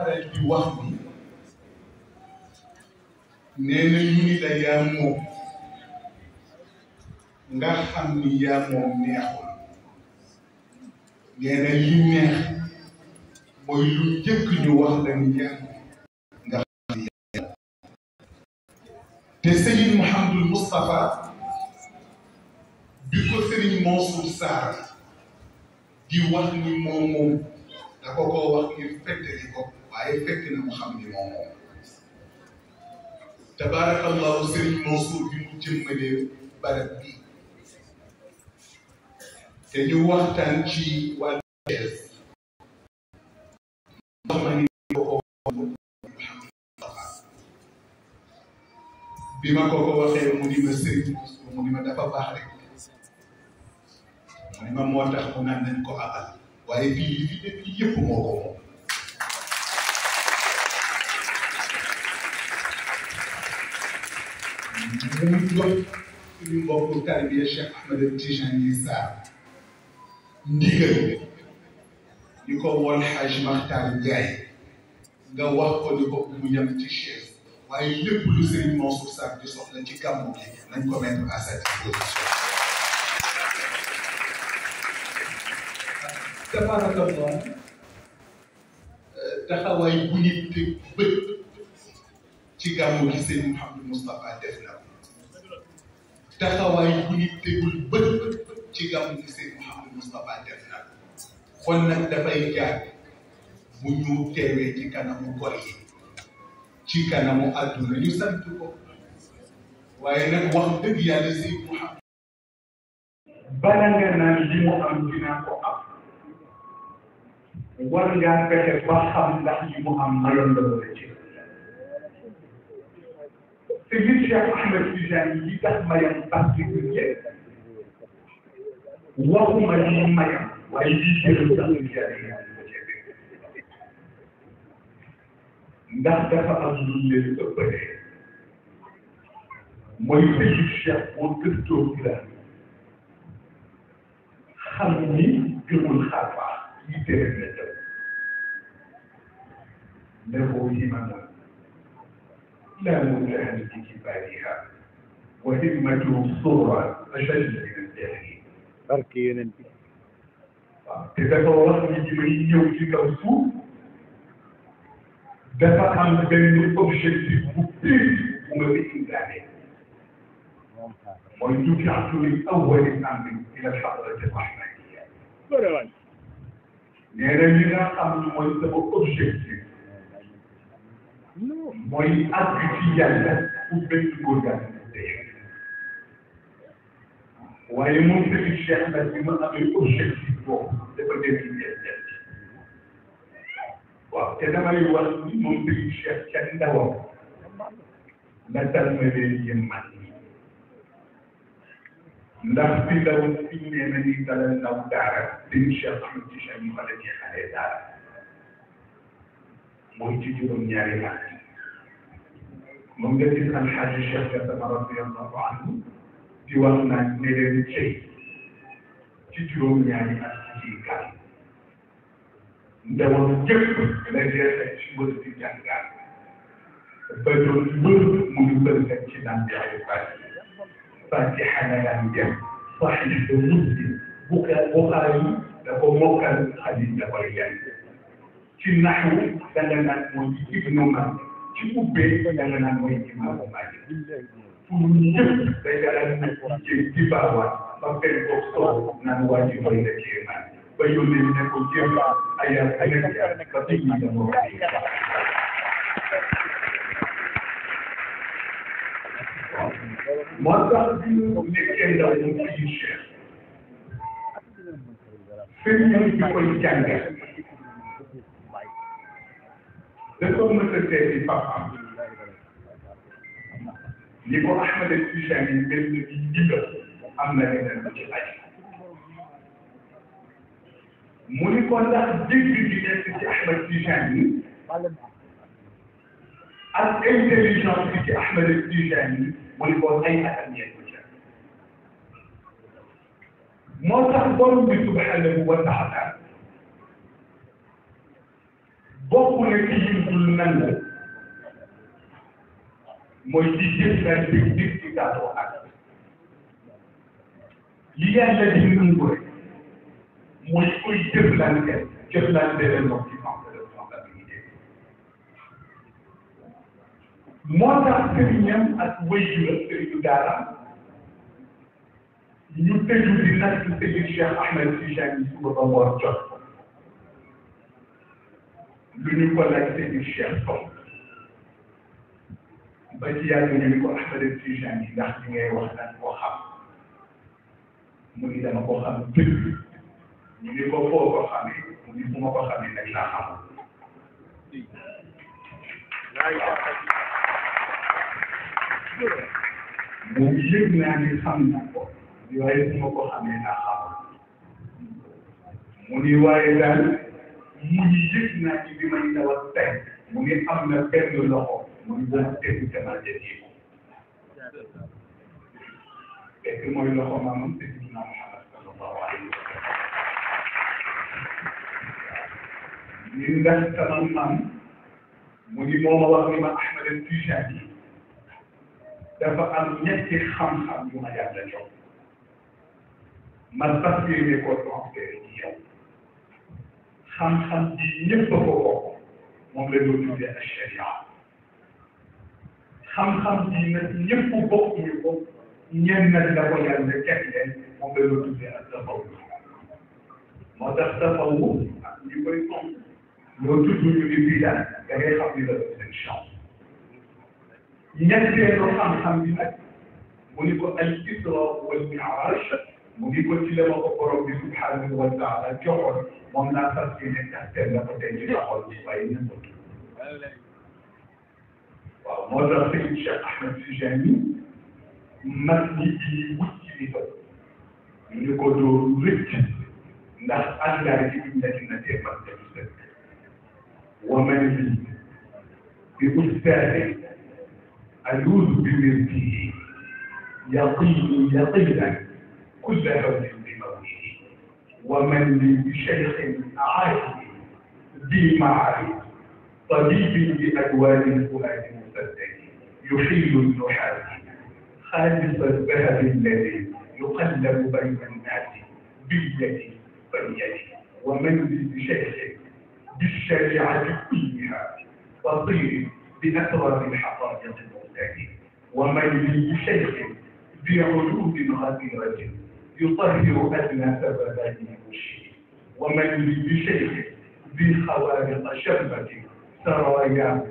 faral di wax bi nee na ñu ni la yaa moom nga xam ni yaa moom neexul nee na neex mooy lu ñu wax la ni yaa nga xam ni yaa te Serigne Mouhamadul Moustapha bi ko Serigne Mansour Sarr di wax ni moom moom da wax ngir feddali ko waaye fekk na mu xam ni moom moom tabaarakallahu Serigne Mansour bi mu jëmmalee barab bi te ñu waxtaan ci wàllu Cees bi ma ko ko mu ni ma mu ni dafa baax rek mu ni moo tax mu naan nañ ko abal waaye fii li fi yëpp moo ko mu jox suñu mbokku tarbiya Cheikh Ahmed Tijani Sarr ndigal ñu ko woon Haj Makhtar Ndiaye nga ko di ko mu yem ci chaise waaye lépp lu Serigne Mansour Sarr di soxla ci gàmmu gi nañ ko mettre à sa disposition. tabaraka moom taxawaay bu nit bët ci gàmmu gi Serigne Mouhamadou Moustapha def na taxawaay bu ñu tegul bët ci gàmmu gi seen Mouhamadou Moustapha def na kon dafay jaar bu ñu teewee ci kanamu gor ci kanamu àdduna ñu sant ko waaye nag wax dëgg yàlla si Mouhamadou bala nga naan li mu am dina ko am war ngaa ba xam ndax mu am mayoon la ci te li Cheikh Ahmed Tijani li tax mayam particulier waxuma li mayam waaye li jël sax Tijani ndax dafa am lu leen ëppalee mooy fëyi Cheikh boo gëstoo bi la xam ni gëmul xaar baax yi tere na dem ne boo yi ma لا منتهى لكتابها وهمته الصغرى أشد من الداعي أركي ننبي te dafa wax nit ñi may ñëw ci kaw suuf dafa am benn objectif bu pire bu nga di indaale mooy jukaatu li awali amri ila sadrati rahmaniya nee na li nga xam ne mooy sama objectif mooy àgg ci yàlla ku bëgg ko waaye moom tamit Cheikh nag bi ma amee objectif boobu dafa nekk njëriñ waaw te damay wax moom tamit Cheikh ca ndawam la dalma leen yemmat ndax fi ndaw fi nee na ni dalal ndaw daara dañu Cheikh am ci Cheikh mu xale ci xale daara mooy ci juróom-ñaari laaj moom nga gis alxaaji Cheikh Gassama radiyallahu anhu di wax naan ne leen cey ci juróom-ñaari at ci gàll ndawam jëpp la jeexee ci wër di jàngal ba doon wër mu ngi bëgg ci daan jaayu bàyyi fàcce xanayaan dem saxiix de muslim buxaari da ko mokkal xadiis da koy jàng ci naxu da nga naan mooy ibnu ma ci ubbee da nga naan mooy imaamu Maalik pour ñëpp day dalal nag ci di baawaat ba benn bopp soo naan waa ji mooy la kéemaan ba yónnee ne ko jéem ay ay ay ba tey ñu dem ba moo tax bi ñu nekkee ndaw mu fi cher sëriñ bi koy jàngal da ko mës a seeti papaam ni ko Ahmad al Tijaani yi bés na bi ndigal am na leneen lu ko ndax dégg bi nekk ci Ahmad Tijaani yi ak intelligence bi ci Ahmad al Tijaani yi mu ni ko ay atam yeen ko ca moo tax borom bokk na ci yëngul nan la mooy di jëflante nit ki gàttoo ak li yàlla di nangu rek mooy koy jëflante jëflante la ndox ci manque de responsabilité moo tax sëriñam ak wéyu la sëriñu daara ñu tëju di natt sëriñ Cheikh Ahmed Tijani suba ba ngoon jot lu ñu ko laajte ñu Cheikh Sow ba ci yàgg ñu ni ko Ahmed Tijani yi ndax li ngay wax dañ koo xam mu ni dama ko xam dëgg ñu ni ko foo ko xamee mu ni fu ma ko xamee nag laa xam moom yëg naa ni xam naa ko waaye fu ma ko xamee laa xam mu ni waaye daal mu ngi yëg naa ci bi may dawal tey mu ngi am na benn loxo mu ngi doon tegu sama jëndi ko fekk mooy loxo maamam te gis naa Muhammad sallallahu alayhi wa sallam ni ndax sama maam mu ngi moo ma wax ni ma Ahmad Tijani dafa am ñetti xam-xam yu ma yàlla jox ma fas yéene ko transféré ci yow xam-xam bi ñëpp a ko bokk moom la ñu tuddee ak sharia xam-xam bi nag ñëpp bokk ñu ko ñenn nag la ko yàlla teg leen moom la ñu tuddee ak tafawu moo tax tafawu ak ñu koy om loo tudd ñu di bidaa da ngay xam ni la seen chance ñetteelu xam-xam bi nag mu ni ko al isra wal mi'raj mu ngi ko ci lema ko borom bi subhanahu wa taala joxoon moom laa fas yéene taxteel la ko tey ci taxoon waaye nëmbatu waaw moo tax sëñ Cheikh Ahmed Tijani mag ñi di wut ci li fa ñu ngi ko dóor rëcc ndax engrais yi ñu nekk na tee mag dem sëkk waman bi bi ustaade aluudu bi mir bii yaqiinu yaqiinan كل هول بموته ومن لي بشيخ أعاد ذي معارف طبيب بأدوان الفؤاد مسدد يحيل النحاس خالص الذهب الذي يقلب بين الناس باليد فاليد ومن لي بشيخ بالشريعة كلها بصير بأسرار الحقائق المرتاح ومن لي بشيخ بعلوم غزيرة يطهر أدنى أبدانه الشيء ومن بشيخ ذي خوارق شبة سرايا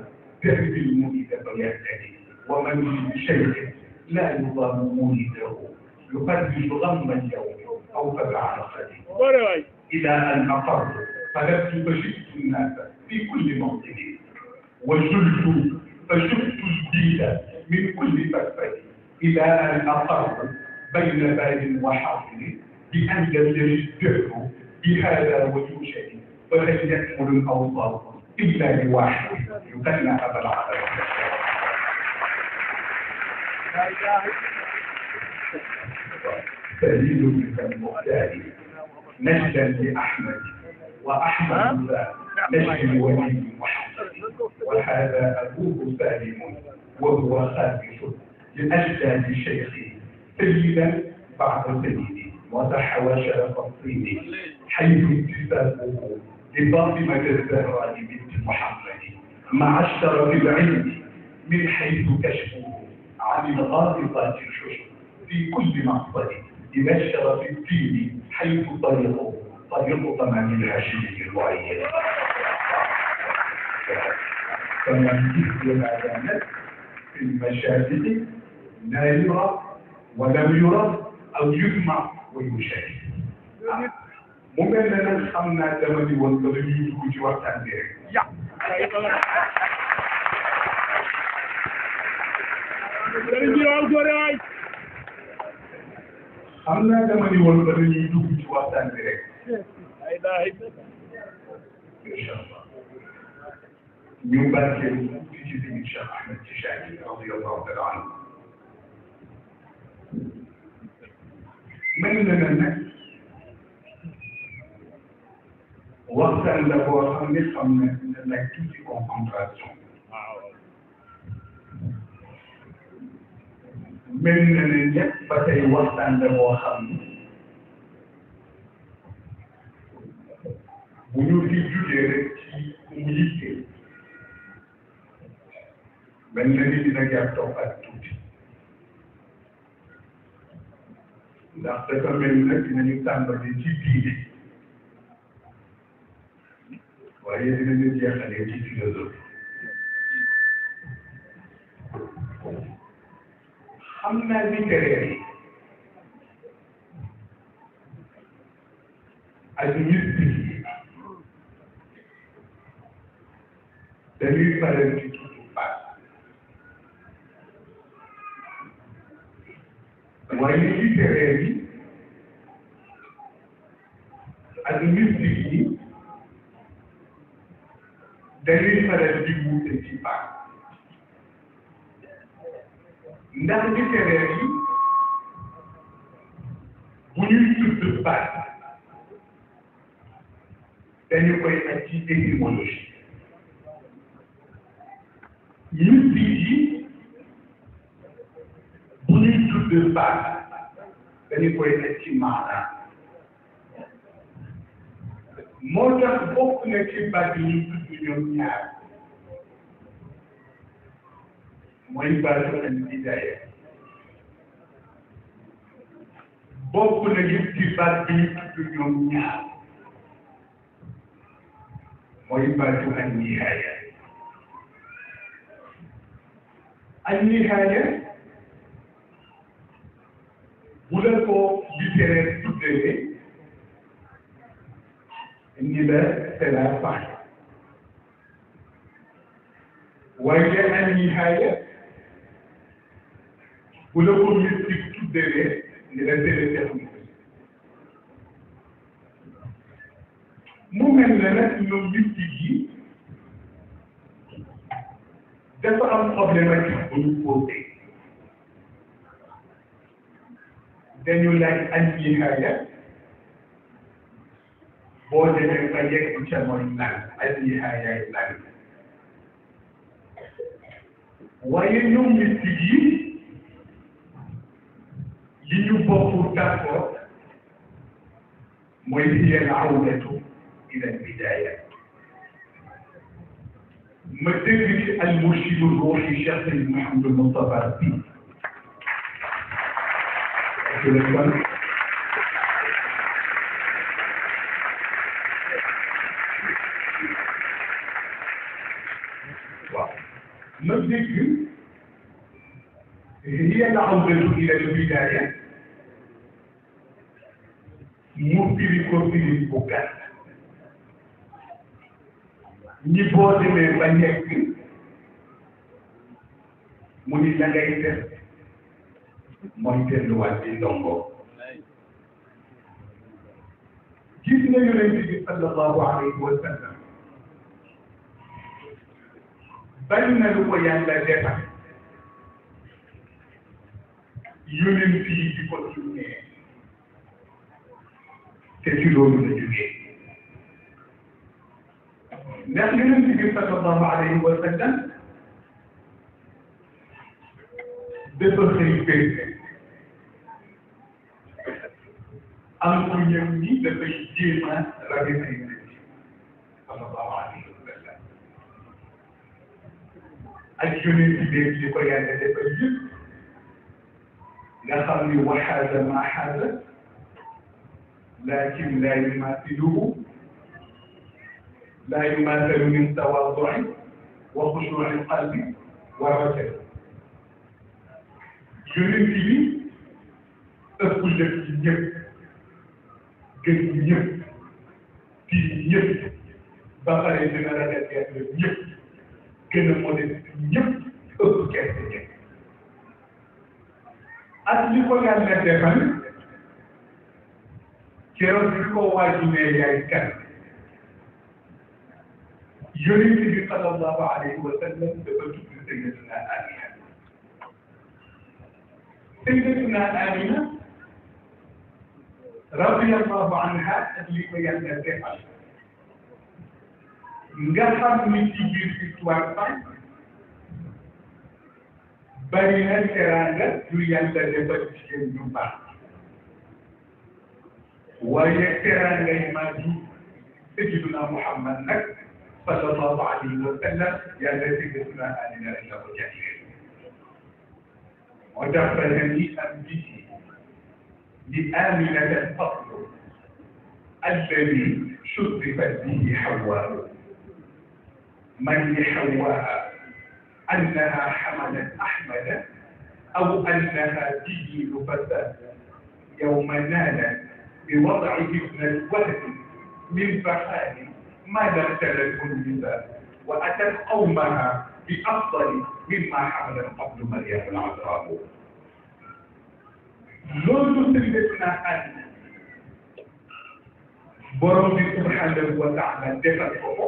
درب المولد بيده ومن بشيخ لا يضام مولده يقدس غما يوم أو فبع رصده إلى أن أقر فلبت فشئت الناس في كل موطن وجلت فشفت الجيل من كل فكفة إلى أن أقر بين باب وحاضر بأن يلتمس جهده بهذا وجوشه ولن يكمل الأوصاف إلا لواحد يغنى أبا العدل دليل من المختار نجدا لأحمد وأحمد نجد ولي محمد وهذا أبوه سالم وهو خامس لأجداد شيخه سيدا بعد سيدي وتحوش تفصيلي حيث انتسابه لفاطمة الزهراء بنت محمد مع الشرف العلمي من حيث كشفه عن الغالطة الحشر في كل مقصد إلى الشرف الديني حيث طريقه طريق طمان الهاشمي الوعي فمن مثل ما في المشاهد لا يرى wala yurad aw yutma wa yushad ah, mu mel ne nag xam naa dama di woon ba dañuy dugg ci waxtaan bi rek. xam naa dama di woon ba dañuy dugg ci waxtaan bi rek. incha allah ñu barkeel ci ci biir Cheikh Ahmed Tidiane radiyallahu taala anhu mel na ne nag waxtaan la boo xam ne xam ne ne nag tuuti concentration mel na ne ñëpp ba tey waxtaan la boo xam ne bu ñu ci jugee rek ci mu yitte mel na ndax dafa mel ni nag dinañu tàmbalee ci diine waaye dinañu jeexalee ci philosophie xam naa littéraire yi ak mystique yi dañuy faral di mooy li ci téere yi ak mystique yi dañuy faral di wuute ci baat ndax ci téere yi bu ñuy tudd baat dañu koy ak ci étymologie ñuy tudd baat dañu koy teg ci maanaam moo tax bokk na ci baat yi ñu mooy baatu al bidaaya bokk na ci bu leen ko littéraire tuddee université Fay waaye an nihaaya bu leen ko mystique tuddee université technique mu mel ne nag ñoom mystique yi dafa am problématique bu ñu posé dañu laaj an nihaaya boo demee ba yegg ca mooy lan an nihaaya lan waaye ñoom mystique yi li ñu bokk d'accord mooy hiya al awdatu ila al bidaaya ma dégg ci al murshid ruuxi Cheikh Seydi Mouhamadou Moustapha Sy téléphone. waaw man dégg eh, yéen a xam ne tuuti la ñu bidaaya mu firi ko firi bu gàtt ñi boo demee ba nekk mu ni la ngay def mooy delluwaat bi ndongo gis na yonent bi sallallahu alayhi wa sallam bari na lu ko yàlla defal yonent yi di ko yónnee te ci loolu la jógee ndax yonent bi sallallahu alayhi wa bépp xëy xëy am ku ñëw ni dafay jéem a rafetlu nit yi sallallahu alayhi wa sallam ak yonent bi beeg li ko yàlla defal yëpp nga xam ni waxaada ma xaada laakin laa yumaathiluhu laa yumaathalu min tawaadu wa xushuuci qalbi wa rajaa yonent bi ëpp la ci ñëpp gën ci ñëpp fii ñëpp ba pare dina la def gerte ñëpp gën a modeste ñëpp ëpp gerte ñëpp ak li ko yàlla defal keroog bi ko waaju ne yaay kan yonent bi sallallahu alayhi wa sallam dafa tudd Sayyidatuna Aïcha sayyidatuna Amina radiyallahu anha ak li ko yàlla defal nga xam ni ci biir histoire fan bari na teraanga yu yàlla defal ci seen ñu baax waaye teraanga yi maa ju sayyiduna Muhammad nag sallallahu alayhi wa sallam yàlla sayyidatuna Amina la ko jagleel وجبلني أن به لآمنة الفضل الذي شرفت به حواء من لحواء أنها حملت أحمد أو أنها به نفسا يوم نالت بوضع ابن الولد من فحال ما دخلت النساء وأتت قومها بأفضل mimma hamalat qablu Maryamu al-azraabu loolu Sayyidatina Aïcha borom bi subhanahu wa taala defal ko ko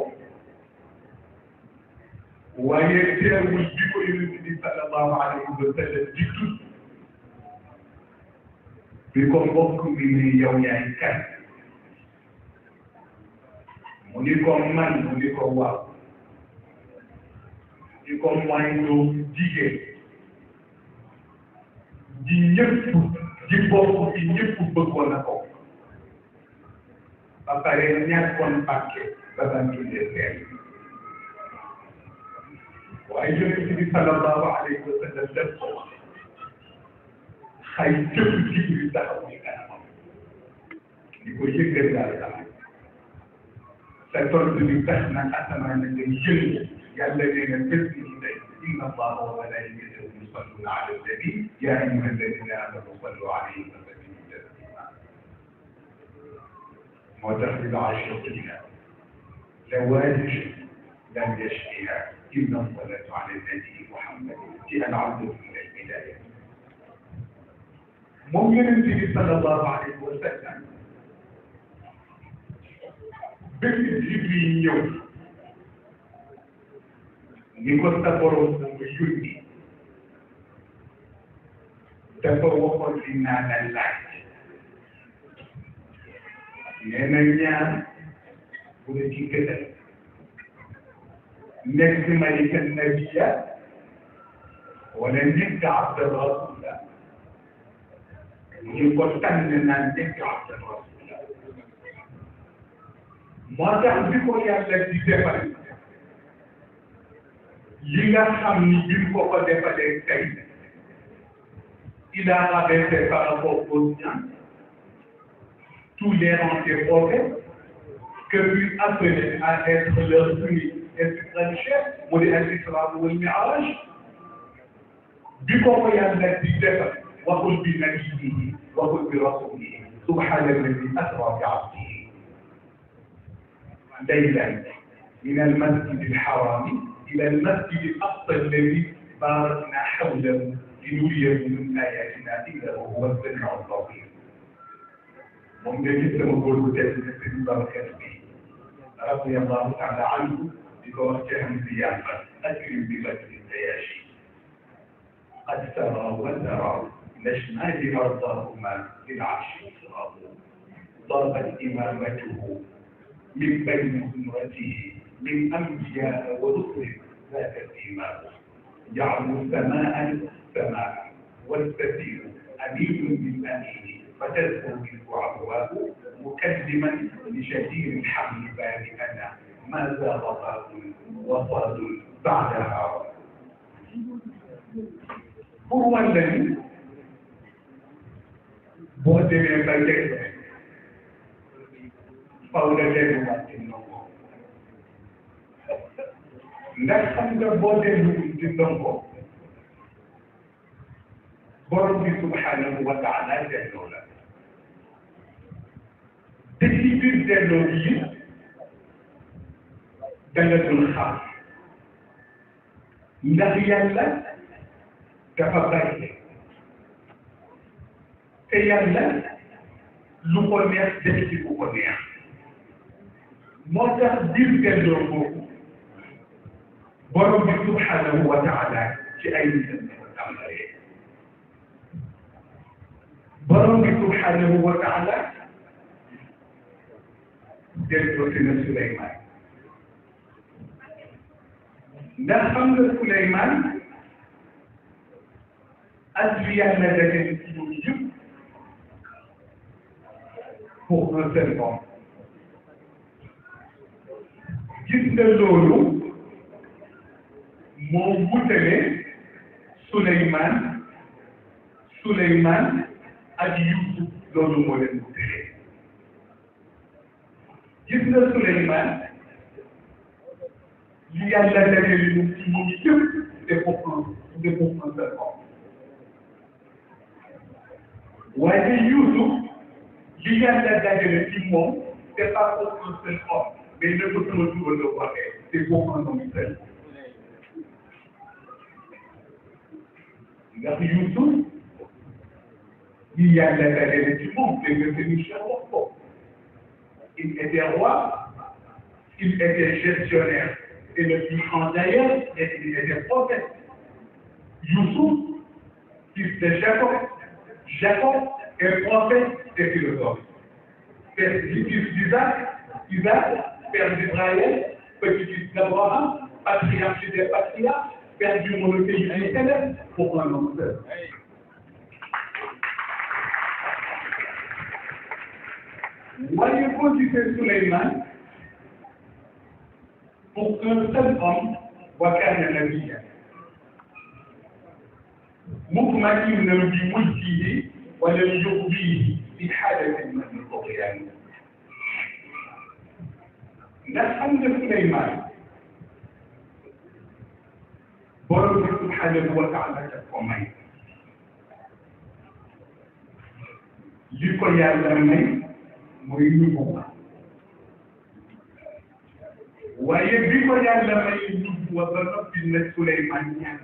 waaye teewul bi ko yonent bi sallallahu alayhi wa sallam di tudd bi ko mbokk mi ni yow yaay kan mu ni ko man mu ni ko waaw di ko moytu jigéen di ñëpp di bokk di ñëpp bëggoon na ko ba pare ñàkkoon pàkke ba ban tuddee seen waaye yonent bi sallallahu alayhi wa sallam def ko wax xay jëpp Jibril taxaw ci kanamam di ko yëgal daal daal sa tontu bi tax na asamaan na nga yëngu الذين تسلم إن الله وملائكته يصلون على النبي يا أيها الذين آمنوا صلوا عليه وسلموا تسليما وتخرج عشقنا لوالج لم يشفيها إلا الصلاة على النبي محمد في العبد من البداية ممكن النبي صلى الله عليه وسلم بس جيب لي Milostaborosam yónni dafa waxoon li naa la laaj nee na ñaar bu la ci gëdal nekk malika nabiya wala nekk abdal rasula ñu ko tànn naan nekk abdal rasula moo tax bi ko yàlla di defal yi nga ni bi mu ko ko defalee tey il a rabaissé par rapport aux gens tous les antéprophètes que lui appeler à être leur unique instituteur mu di al-Isra wal Mi'raj bi ko ko yàlla di defal waxul bi nabiyyihi waxul bi rasulihi subhana alladi asra bi abdihi laylan min al إلى المسجد الأقصى الذي باركنا حوله لنريه من آياتنا إنه هو السميع البصير. moom la nit dama góor gu tedd ne sëñ Babacar bi radiyallahu taala anhu di ko wax ci am si yàlla akrim bi fadli sayaasi qad tara wa tara لشنا لمرضاهما للعرش صراط ضربت إمامته من بين أمرته من أنبياء ورسل ذات الإيمان جعلوا السماء سماء والسفير أمين بالأمين فتذكر منه عبواه مكلما لشهير الحمل بارئنا ما زال غضب وصاد بعدها هو الذي بوتي من بلده فولدين وقت النوم ndax xam nga boo dellu di ndongo borom bi subhanahu wa taala delloo la te ci biir delloo yi danga dul xam ndax yàlla dafa bari te yàlla lu ko neex def ci ku ko neex moo tax biir delloo boobu borom bi subhanahu wa taala ci ay nitam la ko tàmbalee bi subhanahu wa taala delloo si na Suleymaan ndax xam nga Suleymaan adviya na da ci ñoom yëpp pour un seul homme gis nga moo wutale Suleymaan Suleymaan ak Yuusuf loolu moo leen wutale gis nga Suleymaan li yàlla dajale ñu ci moom yëpp décompose décompose ko waaye Yuusuf li yàlla dajale ci moom décompose ko mais ne ko sama tubaab la waxee décompose ko ndax Yuusuf yi yàlla dajale ci moom dégg nga ni Cheikh wax ko il était roi il était gestionnaire et le plus grand d'ailleurs et il était prophète Yuusuf fils de Jacob Jacob est prophète et philosophe père d'Isaac Isaac père d'Ibrahim petit-fils d'Abraham patriarche des patriarches perdu mon recueil éternel pour un homme Voyez positionner Suleiman pour qu'un seul homme voit qu'un ami. مطمئن بملكه ولم يقضيه في حالة من الطغيان. نحن سليمان borom bi subhanahu wa taala daf ko may li ko yàlla may mooy nubuwa waaye bi ko yàlla may nubuwa ba noppi na Suleymaan ñaan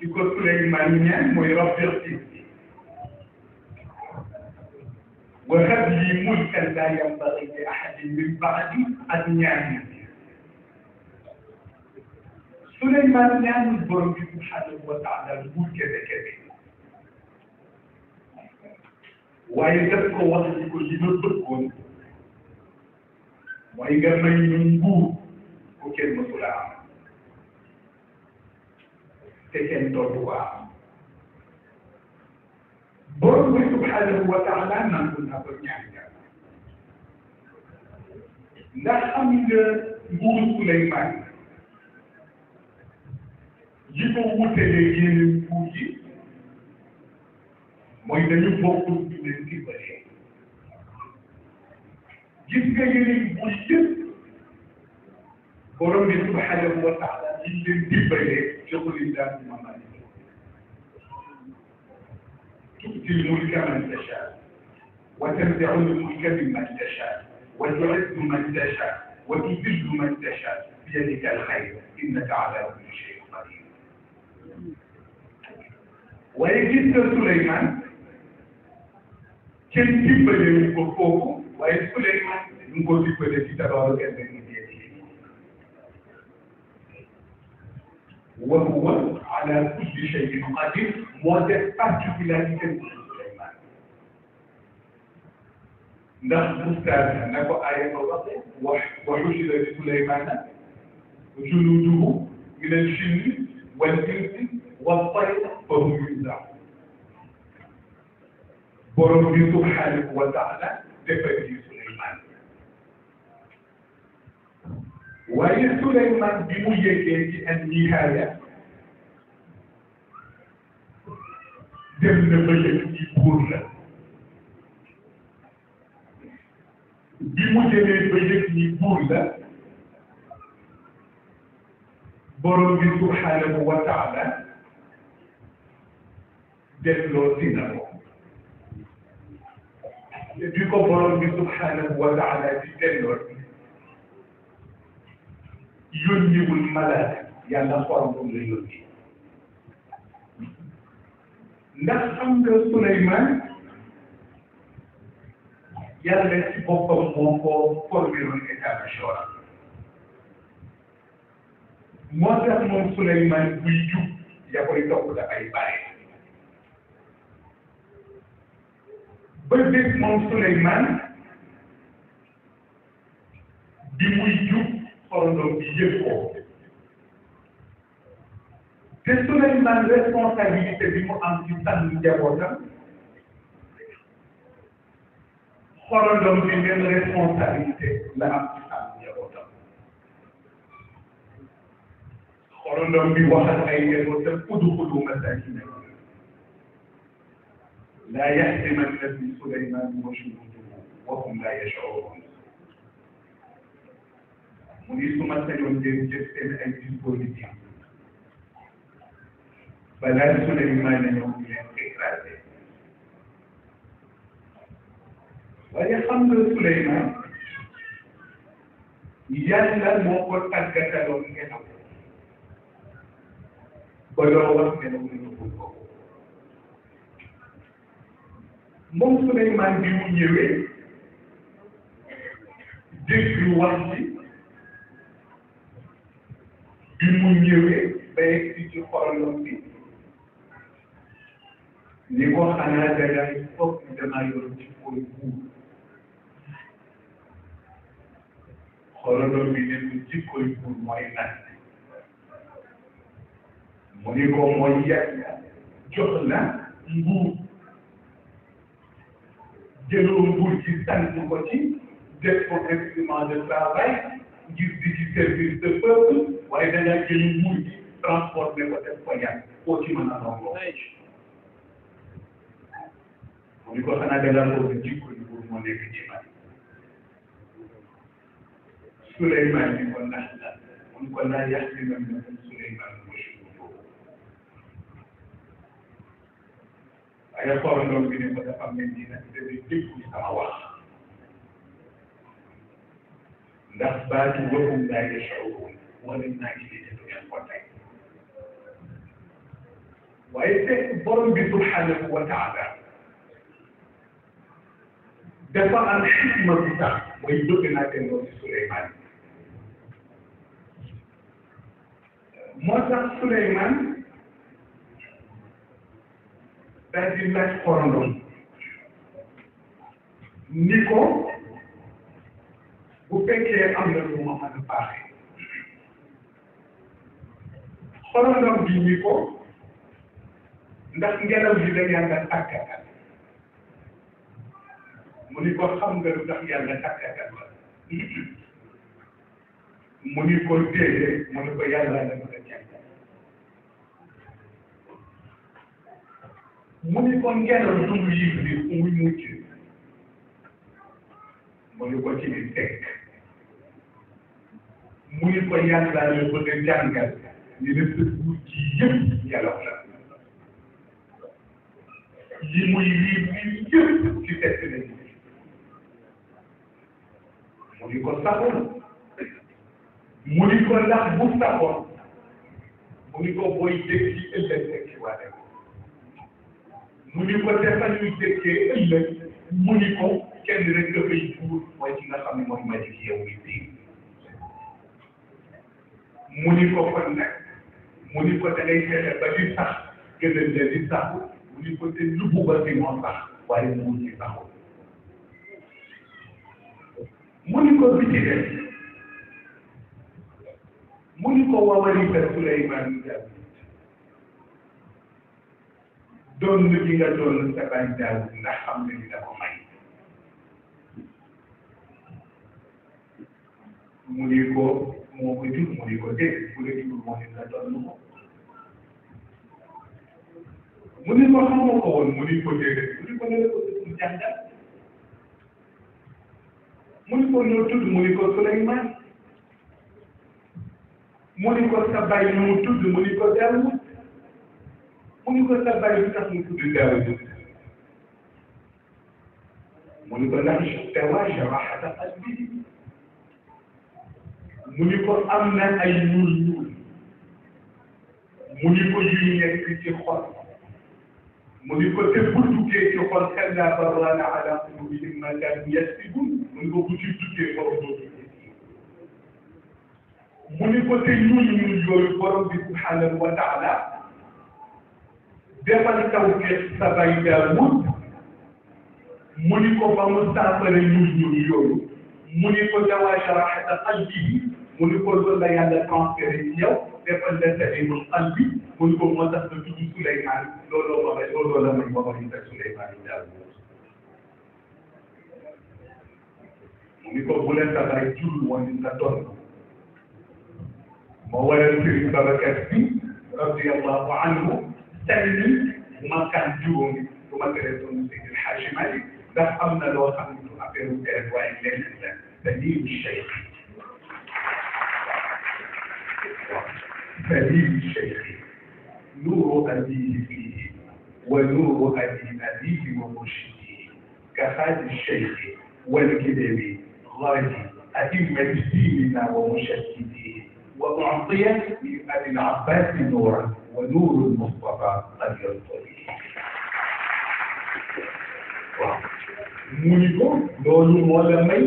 di ko Suleymaan ñaan mooy rabbi ixfirli wa hab lii mulkan laa yanbaghi li ahadin min ba'di ak ñaan Süleyman'dan boyunca Subhanahu wa Ta'ala mulke de kebe. waaye def ko wax ni ko li ma bëggoon mooy nga may ñu nguur ko kenn mësula am te kenn dootu ko am borom bi subhanahu wa taala nangu na ko ñaan yàlla ndax xam nga nguur Suleymaan yi ko wutalee yeneen nguur yi mooy dañu bokkul ñu leen dimbalee gis nga yeneen nguur yëpp borom bi subhanahu wa taala yi leen dimbalee joxuli daan mamani تؤتي الملك من تشاء وتنزع الملك ممن تشاء وتعز من تشاء وتذل من تشاء بيدك الخير انك على كل شيء waaye gis nga Souleymane kenn dimbale wu ko foofu waaye Souleymane ñu ngi ko dimbale ci tabaru gerte gi wa huwa ala kulli shay'in qadir moo def particularité bu Souleymane ndax bustaana na ko aaya ba waxee wax wa xushira li Souleymane junuuduhu min al jinni wal insi والطير فهم يوزعون borom bi subhanahu wa taala defal ci Suleymaan waaye Suleymaan bi mu an nihaaya dem na ba yëg ci buur la bi mu demee ba yëg ni buur taala def loo dina ko te bi ko borom bi subhanahu wa taala di delloo yónniwul malaaka yàlla xorom la yónni ndax xam nga Suleymaan yàlla ci boppam moo ko formé woon état de choix moo tax moom Suleymaan buy jub ya koy topp da ay bàyyi ba bés moom Souleymane bi muy jub xorondom bi yëpp ko te Souleymane responsabilité bi mu am ci tànn njabootam xorondom bi même responsabilité la am ci tànn njabootam xorondom bi waxal ay njabootam udxulu masaakinakum لا يهزمن ابي سليمان وجنوده وهم لا يشعرون mu ni su ma sañoon ngeen jëf seen ay disposition balaa Suleymaan ñëw ñu leen écrasé waaye xam nga Suleymaan yàlla moo ko tàggataloon ngelaw ba loo wax ngelaw li ñu ko moom Souleymane bi mu ñëwee déglu wax ci bi mu ñëwee ba yegg ci xolom bi ni ko xanaa dara foog dama yor ci koy buur xolom bi ne ko ci koy buur mooy lan mu ni ko mooy yàlla jox la nguur jëloo nguur gi sant ko ci def ko de travail ngir di ci service de peuple waaye dañaa jël nguur gi transformé ko def ko yàq koo ci mën a nangoo. mu ni ko xanaa dangaa ko jikko ni moo nekk ci man Souleymane ni ko ndax la mu ni ko laa yàq li ma Souleymane ay xoolandoom bi ne ko dafa mel ni nag dañuy déglu sama wax ndax baatu wërum laa ngi soowul wala naa ngi dégg du ngeen ko tey waaye fekk borom bi subhanahu wa taala dafa am xikma bu tax mooy bëgg naa delloo ci Suleymaan moo tax Suleymaan daal di laaj xorandoom ni ko bu fekkee am na lu ma mën a baaxee xorandoom bi ni ko ndax ngelaw li la yàlla tàggatal mu ni ko xam nga lu tax yàlla tàggatal la mu ni ko téye mu ni ko yàlla la mën a Muito quando do livre, o inútil. Muito quando ele seca. Muito quando ele anda no poder de angar. Ele se fugia e ela fala. E muito livre, que se tem. Muito quando sabor. Muito quando dá muito sabor. Muito quando foi ter que ele tem que guardar. mu ni ko te fa ñuy dëkkee ëllëg mu ni ko kenn rek dafay buur mooy ki nga xam ne mooy malik yow mu ni ko kon mu ni ko da ngay fexe di sax gënal leen di sax mu ni ko te lu bugga bi moo sax waaye mu ci saxul mu ni ko bi ci def mu ni ko wawari ba Suleymaan doon na li nga doon sa baay Daawuda ndax xam nga li la ko may mu ni ko moo ko jur mu ni ko dégg mu ne jur moo ni nga doon ko mu ni ko xamoo ko woon mu ni ko dégg mu ni ko ne ko mu jàngal mu ni ko noo tudd mu ni ko Suleymaan mu ni ko sa baay mu tudd mu ni ko Daawuda mu ngi ko sa bàyyi bi tax mu tudd Daawuda mu ngi ko ndax tawa jarahata qalbi mu ngi ko am na ay ñuul ñuul mu ngi ko yuy nekk ci xol mu ngi ko te bu duggee ci xol kalla bal raana ala qulubihim ma kaanu yaksibun mu ngi ko bu ci duggee xol dootu mu ngi ko te ñuul ñuul yooyu borom bi subhanahu wa taala defal tawfeex sa bay Daawuud mu ni ko ba mu saafara ñuul ñuul yooyu mu ni ko dawaa sharahata qalbi mu ni ko loolu la yàlla transféré ci yow defal la sa ilmul qalbi mu ni ko moo tax ba tudd Souleymane looloo ma may looloo la may ma may sa Souleymane Daawuud mu ni ko bu la sa bay jur woon nga doon moo waral Sëriñ Babacar Sy radiyallahu anhu tey mankaan juróom yi bu ma teree doon Seydi El Hadji Malick ndax am na loo xam ne du affaire bu deret waaye leneen la dalilu cheikh dalilu cheikh nuuru abiihi fiihi wa nuuru abi abiihi wa murshidihi ka xaaji cheikh wal kidami ghaazi a'immati diinina wa mushaddidihi wa mu'tiya li abi al-Abbaas nuuran ونور المصطفى قد ينطلي waaw mu ni ko loolu moo la may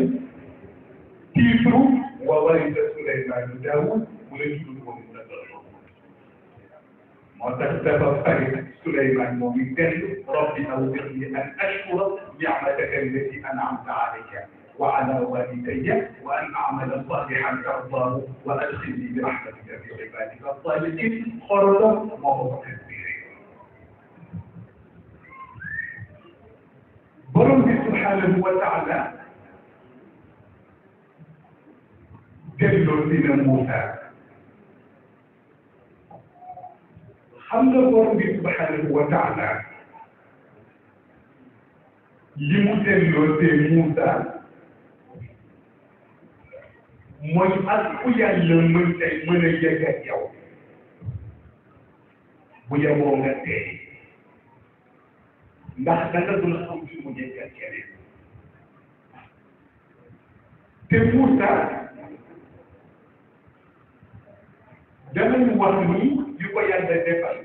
titre wa warisa Suleymaan Daawuud mu la tudd moom moo tax dafa fari Suleymaan moom it teel رب أوزعني أن أشكر نعمتك التي أنعمت علي وعلى والدي وأن أعمل صالحا ترضاه وأدخلني برحمتك في عبادك الصالحين خرج وهو تدبيري برمي سبحانه وتعالى delloo dina Muusaa xam nga borom bi subhanahu wa taala li mu delloo te Muusaa mooy ak ku yàlla mën tey mën a yegg ak yow bu yeboo nga dee ndax danga dul xam fi mu yegg ak keneen te pourtant danañ wax ni li ko yàlla defal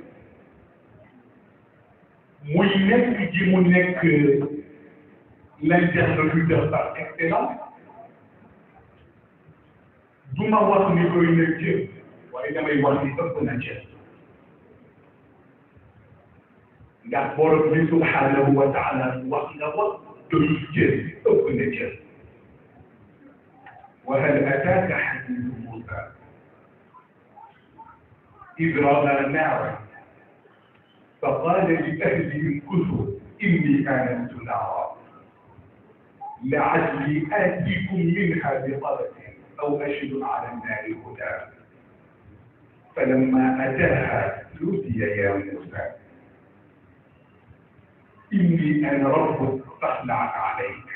muy nekk ji mu nekk l'interlocuteur par excellence du ma wax ni doy na cër waaye damay wax ni ëpp na cër ndax borom bi subhanahu wa taala wax na wax doy cër ëpp na cër wa hal ataaka xadiisu Muusaa إذ رأى نارا فقال لأهله كثوا إني آنست نارا لعلي آتيكم منها بقبس أو أشد على النار هدى فلما أتاها نودي يا موسى إني أنا ربك فاخلع عليك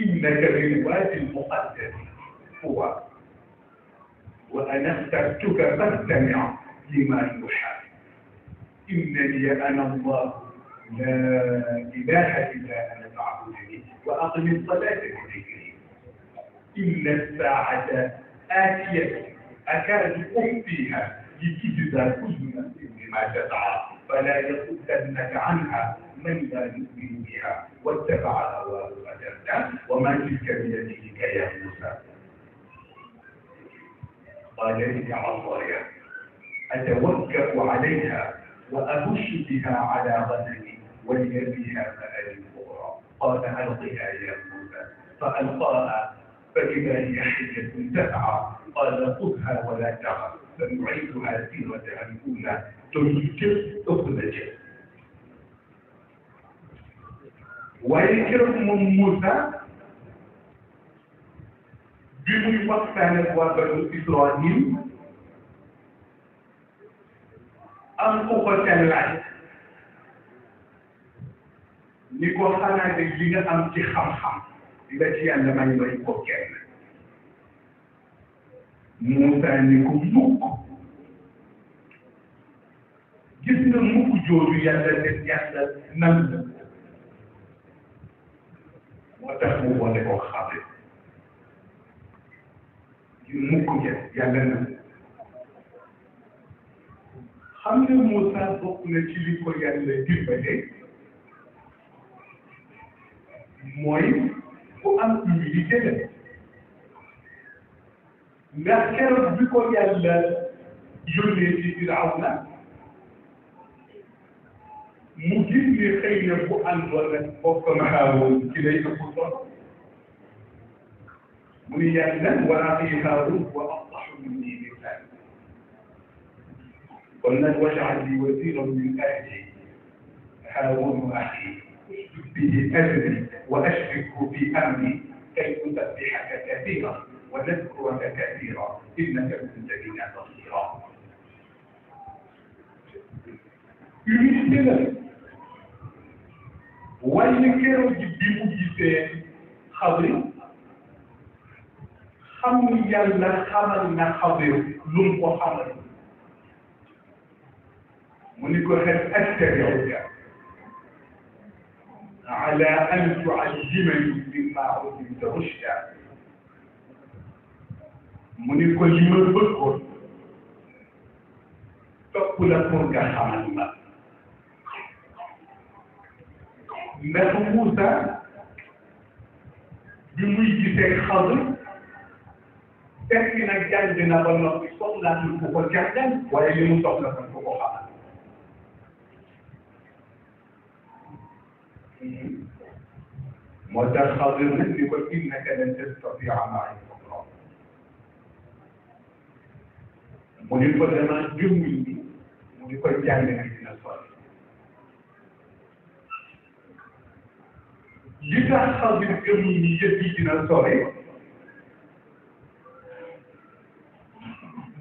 إنك بالوادي المقدس هو وأنا اخترتك فاستمع لما يوحى إنني أنا الله لا إله إلا أنا فاعبدني وأقم الصلاة لذكري إلا الساعة آتية أكاد أخفيها لتجزى كل نفس بما تسعى فلا يصدنك عنها من لا يؤمن بها واتبع هواه فجردا وما تلك بيدك يا موسى قال لك عصايا أتوكأ عليها وأبش بها على غنمي ولي بها مآرب أخرى قال ألقها يا موسى فألقاها فبما هي حجة تسعى قال خذها ولا تعى فنعيدها سيرتها الأولى تنكر أخرجت ويكر من موسى bi muy waxtaane waa banu Israël am ku ko seen laaj ni ko xanaa de li nga am ci xam la ci yàlla may may ko kenn Moussa ni ko mukk gis na mukk jooju yàlla def yàlla nangu moo tax mu boole ko xabe yu mukk ja yàlla nangu xam nga Moussa bokk na ci li ko yàlla dimbale mooy ku am humilité la ndax keroog bi ko yàlla yónnee ci Firawna mu gis ne xëy na bu àndoon rek boppam xaaroon ci lay ëpp solo mu ne yàlla wa axii Haaruun wa afsahu minni lisaan kon nag waj'al lii waziiran min ahli Haaruun axii به أجري وأشركه في أمري كي أسبحك كثيرا وأذكرك كثيرا إنك كنت بنا بصيرا. Ümitsizim. Wàññi keroog bi mu gisee Xadir xam yàlla xamal na Xadir lu mu ko xamal mu ni ko xel extérieur على أن تعلمني مما علمت رشدا mu ni ko li ma bëggoon topp la pour nga xamal ma ndax Moussa bi muy gisee Xadir fekk na jàng na ba noppi soxlaatul ku ko jàngal waaye li mu soxla ko ko xamal moo tax Xadir nag ni ko innaka lan tastatia maay sabra mu ni ko dama jëmm yi mu ni ko jàng nag dina sori li tax Xadir gëm ni yëf yi dina sori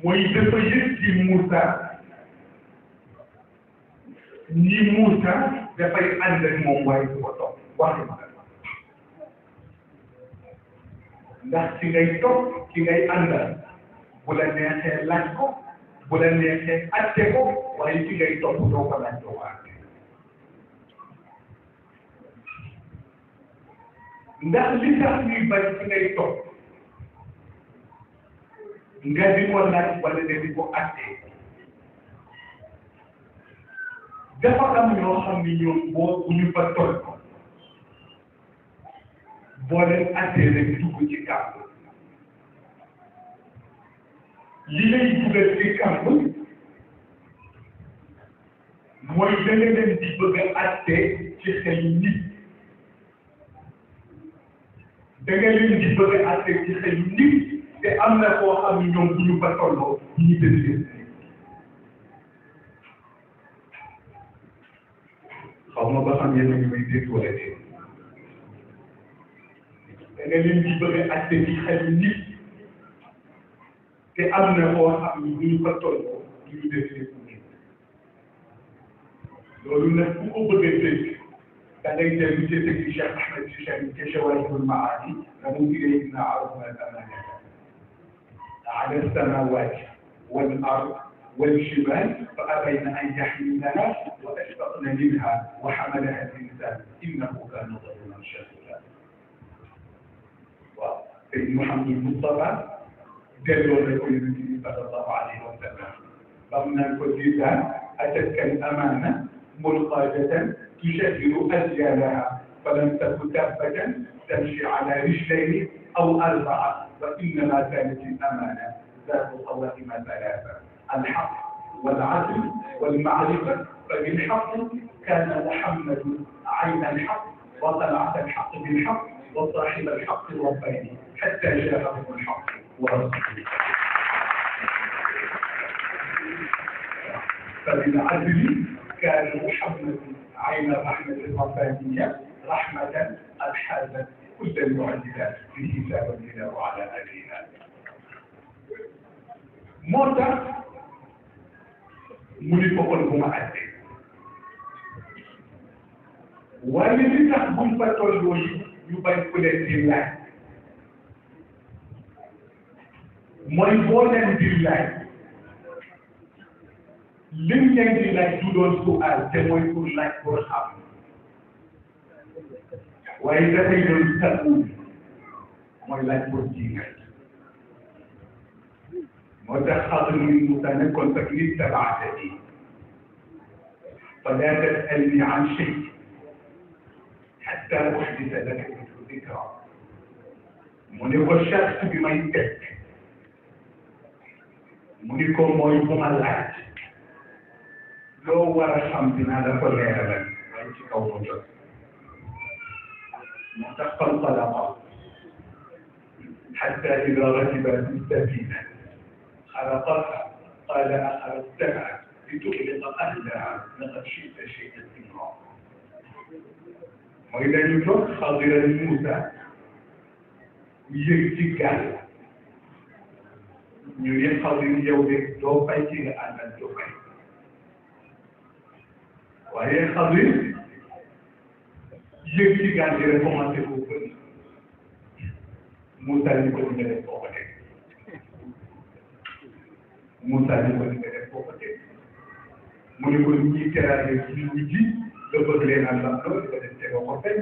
mooy dafa yëg ci Moussa ni Moussa dafay ànd ak moom waaye du ko topp waxi ma ndax ci ngay topp ci ngay àndal bu la neexee laaj ko bu la neexee atte ko waaye ci ngay topp doo ko laaj doo ko atte ndax li tax ñuy bañ ci ngay topp nga di ko laaj wala nga di ko atte dafa am ñoo xam ne ñoom boo bu ñu fa boo leen attee rek dugg ci li lay dugal ci kàmb mooy da nga leen di bëgg a attee ci xel nit da nga leen di bëgg a attee ci xel nit am na koo xam ne ñoom bu ñu fa tolloo ñu tëddee xaw ma ba xam yéen a ngi may dégg wala dégg da nga leen di bëgg a àtte ci xel nit te am na koo xam ni duñu ko toll duñu def lépp loolu nag ku ko bëgg a dégg da ngay dem ci teg ci Cheikh Ahmed ci Cheikh ci Chawahirul Maani da mu ngi na arab ma dana nekk ala samawati wal ard والجبال فأبين أن يحملنها وأشفقن منها وحملها الإنسان إنه كان ظلما شديدا. وسيد محمد المصطفى دلوا لكل النبي صلى الله عليه وسلم. رغم الكتيبة أتتك الأمانة ملقاة تشهر أجيالها فلم تك كافة تمشي على رجلين أو أربعة وإنما كانت الأمانة ذات صلة ثلاثة. الحق والعدل والمعرفة فمن حق كان محمد عين الحق وطلعة الحق بالحق وصاحب الحق ربين حتى جاءهم الحق ورسوله فبالعدل كان محمد عين رحمة الربانية رحمة ألحازت كل المعدلات في كتاب الله وعلى آلهة moo tax mu ni ko kon bu ma àtte waaye li tax buñ fa tolloo yi ñu bañ ku di laaj mooy boo leen di laaj lim leen di laaj te mooy pour laaj pour xam waaye dafay doon tàggu mooy laaj pour moo tax xaaral muy Moussa nekkoon fekk li tabaate bi فلا تسألني عن شيء حتى أحدث لك مثل ذكرى mu ne ko charte bi may teg mu ne ko mooy bu ma laaj loo war a xam dinaa la ko leeralal waaye ci kaw mu jot moo tax فانطلقا حتى إذا ركبا في السفينة على طلحة قال أخرجتها لتغلق أهلها لقد شئت شيئا إمرا mooy dañu toog xadiral Moussa yëg ci gaal ñu ne xadir yow de doo fay ci nga àndal doo fay waaye xadir yëg ci gaal gi rek commencé ko bëri Moussa ñu ko ñu ne def boo ko Moussa ni ko ni nga def foofa dégg mu ne ko ñi teraale ci nit ñi la bëgg leen am ndax loolu nga def tegoo ko fay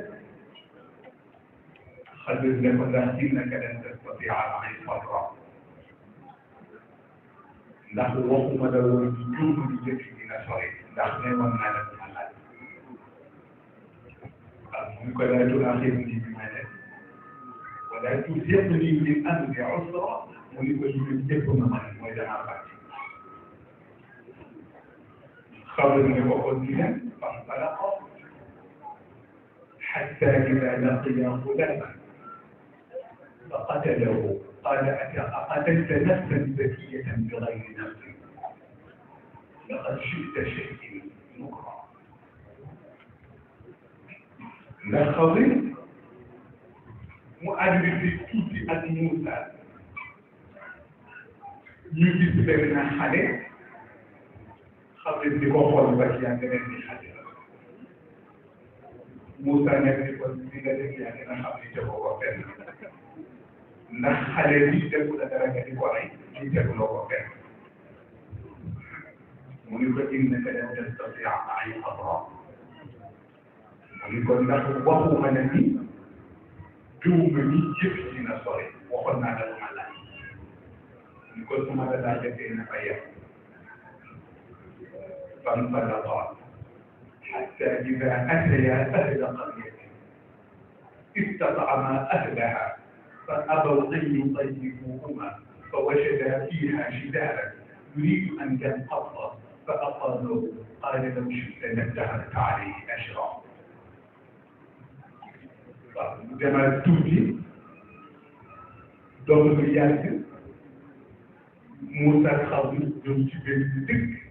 xajul ne ko ndax si naka leen def ko fi àll ay fatra ndax waxuma la woon ci juum bi jëkk dina sori ndax ne man naa la ñu àllaaj waaw mu ko laajul axir nii bi may def wala tuuti yëpp nii ñu ànd bi usra mu ni ko ñu ñëpp na man mooy danaa bàcc خرج من أحدها فانطلق حتى إذا لقيا غلاما فقتله قال أقتلت نفسا زكية بغير نفس لقد جئت شيئا نكرا لا خضر مؤلف الكتب موسى يجلس بين حدث xabrit di ko xool mbak yaa ngi leen di xajara Moussa nekk di ko li nga def yaa ngi na xam ni tegoo ko fenn ndax xale la dara nga di ko rey ci teguloo ko fenn mu ni ko innaka lan tastatia maay sabra mu ni ko ndax waxuma ne ni diw nga ni jëf dina sori waxoon naa la lu ma laaj ni ko su ma la laajatee na fa فانطلقا حتى إذا أتيا أهل قرية استطعما أهلها فأبوا أن يطيبوهما فوجدا فيها جدارا يريد أن ينقض فأقالوه قال لو شئت لاتخذت عليه أجرا demal tuuti doom lu yàgg Moussa xaw ma ñoom ci benn dëkk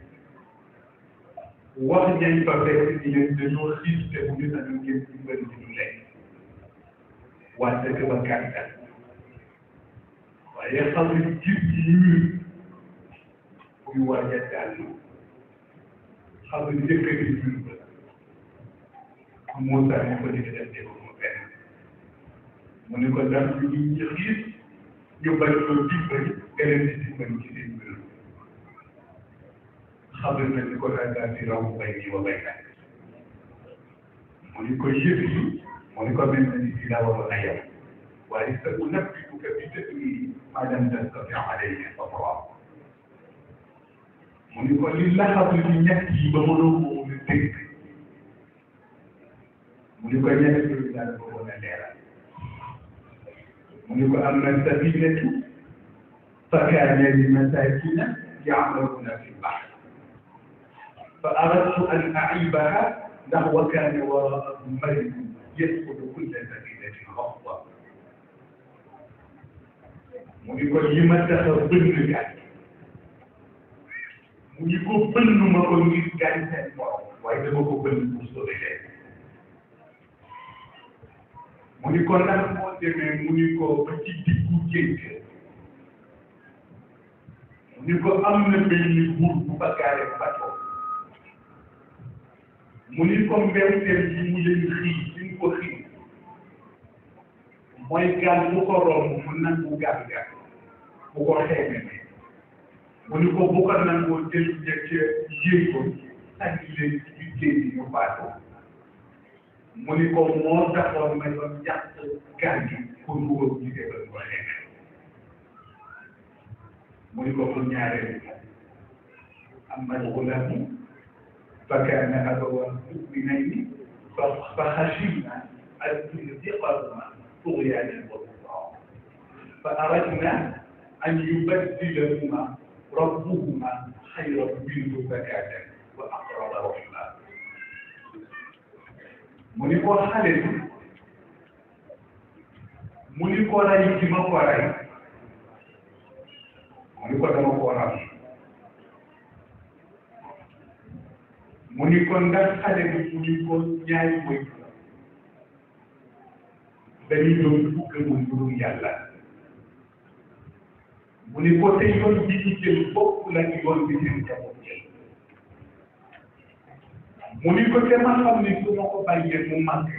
wax nañ fa fekk ñun dañoo xiif te bu ñu nañu ngeen dimbal li ñu lekk waa dëkk ba kàttan waaye xam nga jib yi buy waaj a daal xam nga njëkk bi ñun ba moo tax ñu ko dina def def mu benn mu ne ko daal ñu ñu xiif ñu bañ ko dimbali nga leen di dimbali ci seen xamal na li ko ragal di raw bay nii wa bay nag mu ni ko yëf yi mu ni ko mel na ni dina waroon a yem waaye sa bu nag bi bu ko bi tëdd yi maanaam dañ ko fi amalay ne sa borom mu ni ko li laxatu ni ñett yi ba mënoo ko mun a dégg mu ni ko ñett yooyu daal ko mën a leeral mu ni ko am na safinatu fakaana li masakina yaamaluna fi baax fa aradtu an a'ibaha ndax wa kaana waraa'ahum malikun yasqutu kulla zabiilatin xatwa mu ngi ko yi ma tax a bënn gàncax mu ngi ko bënn ma ko ngir gàncax morom waaye dama ko bënn pour sauver leen mu ngi ko ndax moo demee mu ngi ko ba ci diggu géej ni ko am na benn buur bu ba gaare bato mu ni comme yi mu leen xii li ñu ko xii mooy gàll bu ko romb mu nangu gàll gàll bu ko xeebee mu ni ko bu ko nangoo jël njëkk yéeg ko sànni leen ci géej gi ñu baat ko mu ni ko moo taxoon ma doon yàq gàll gi pour mu wër ñu déglu ko xeebee mu ni ko pour ñaareel am na ko فكان أبواه مؤمنين فخشينا أن يرهقهما طغيانا وكفرا فأردنا أن يبدلهما ربهما خيرا منه زكاة وأقرب رحما mu ni ko xale bi mu ni ko ray ci ma ko ray mu ni ko dama ko ram mu ni ko ndax xale mu ni ko ñaari moytu la dañuy doon bugg mu mbirum yàlla mu ni ko te yoon bi ñu jël bokk la yoon bi seen jamono jël mu ni ko te ma xam ni su ma ko bàyyee mu màgg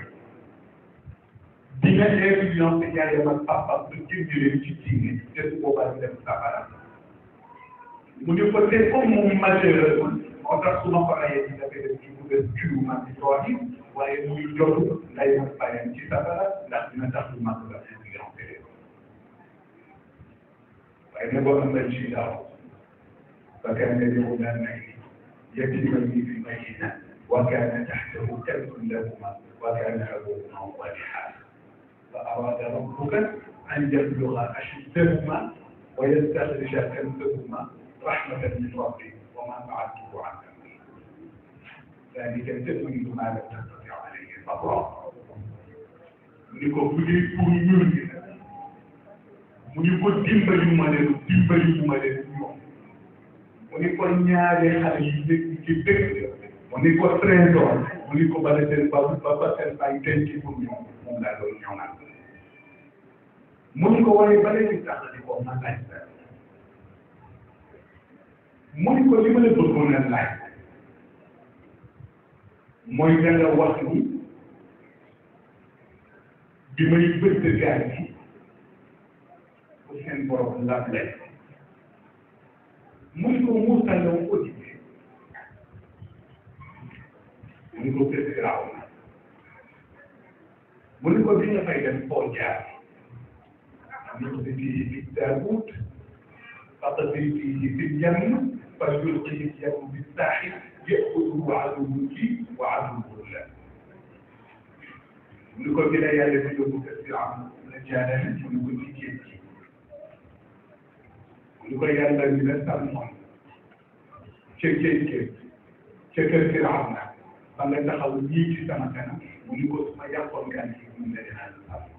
dina influence yaayam ak papa ba jënd leen ci diine te su boobaa dem safara mu ni ko te comme moom majeur moo tax su ma xoolee ci dafay def ci bu dee jiwu man ci tool yi waaye muy jotu nday ma bàyyam ci safara ndax dina tax lu mag la ci diggante réew waaye ne boo am na ci daaw ba kenn ne yow daan nay يكتب لي في المدينة وكان تحته كلب لهما وكان أبوهما صالحا فأراد ربك أن يبلغ أشدهما ويستخرج كنزهما رحمة من ربك وما فعلته عن امري ذلك تفيد ما لم تستطع عليه صبرا ni ko fugee pour ñun ñi mu ñu ko dimbali ma leen dimbali ma leen ñoom mu ni ko ñaari xale yu nekk ci dëkk mu ni ko trésor mu ni ko bala seen ba ba ba seen ay denc pour ñoom moom laa doon ñoŋal mu ni ko wane ba leen tax di ko ma laaj mu ni ko li ma la bëggoon a laaj mooy da nga wax ni bi may bëgg gaal gi bu seen borom laaj lay mu ni ko Moussa la ko diggé mu ni ko kër Firaaw na mu ni ko bi nga fay dem foo jaar mu ni ko bi di di Daawut parce que bi di di Janna فيلقيه اليوم بالساحل يأخذه عدوك وعدو له lu ko gën a yàlla di yóbbu kër gi am na jaarale ci lu ko ci géej gi lu ko yàlla di la sàmmoon ca géej géej ca kër gi am na ba nga taxaw ñii ci sama kanam mu ni ko suma yàqoon gan yi mu ne dinaa la sàmm